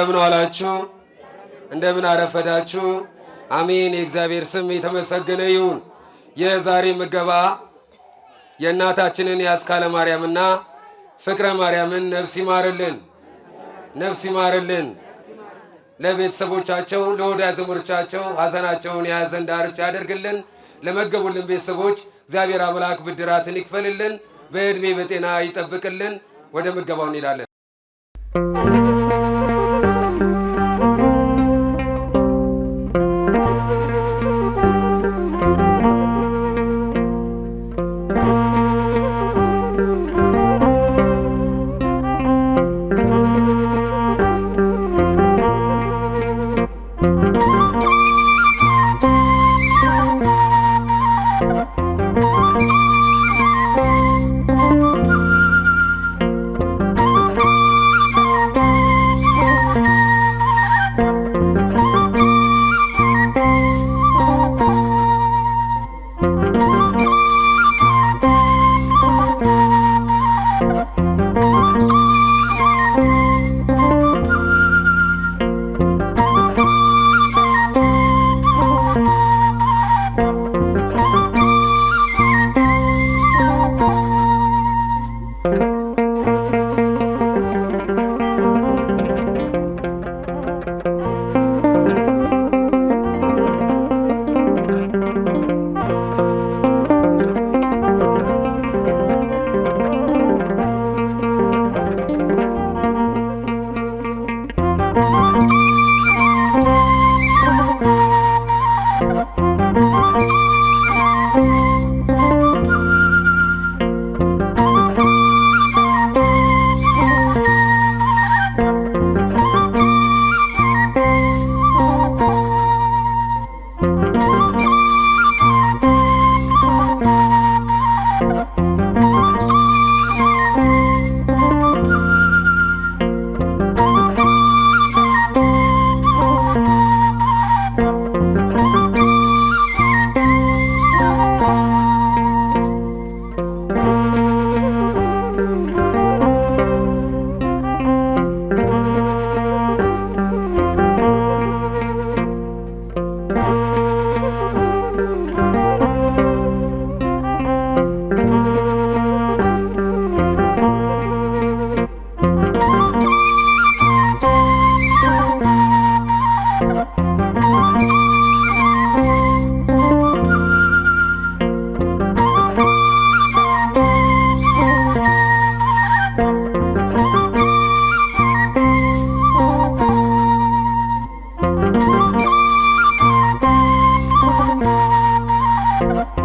እንደምን ዋላችሁ? እንደምን አረፈዳችሁ? አሜን። የእግዚአብሔር ስም የተመሰገነ ይሁን። የዛሬ ምገባ የእናታችንን የአስካለ ማርያምና ፍቅረ ማርያምን ነፍስ ይማርልን፣ ነፍስ ይማርልን። ለቤተሰቦቻቸው ለወዳ ዘመዶቻቸው ሀዘናቸውን የያዘን ዳርቻ ያደርግልን። ለመገቡልን ቤተሰቦች እግዚአብሔር አምላክ ብድራትን ይክፈልልን፣ በዕድሜ በጤና ይጠብቅልን። ወደ ምገባው እንሄዳለን። Thank you.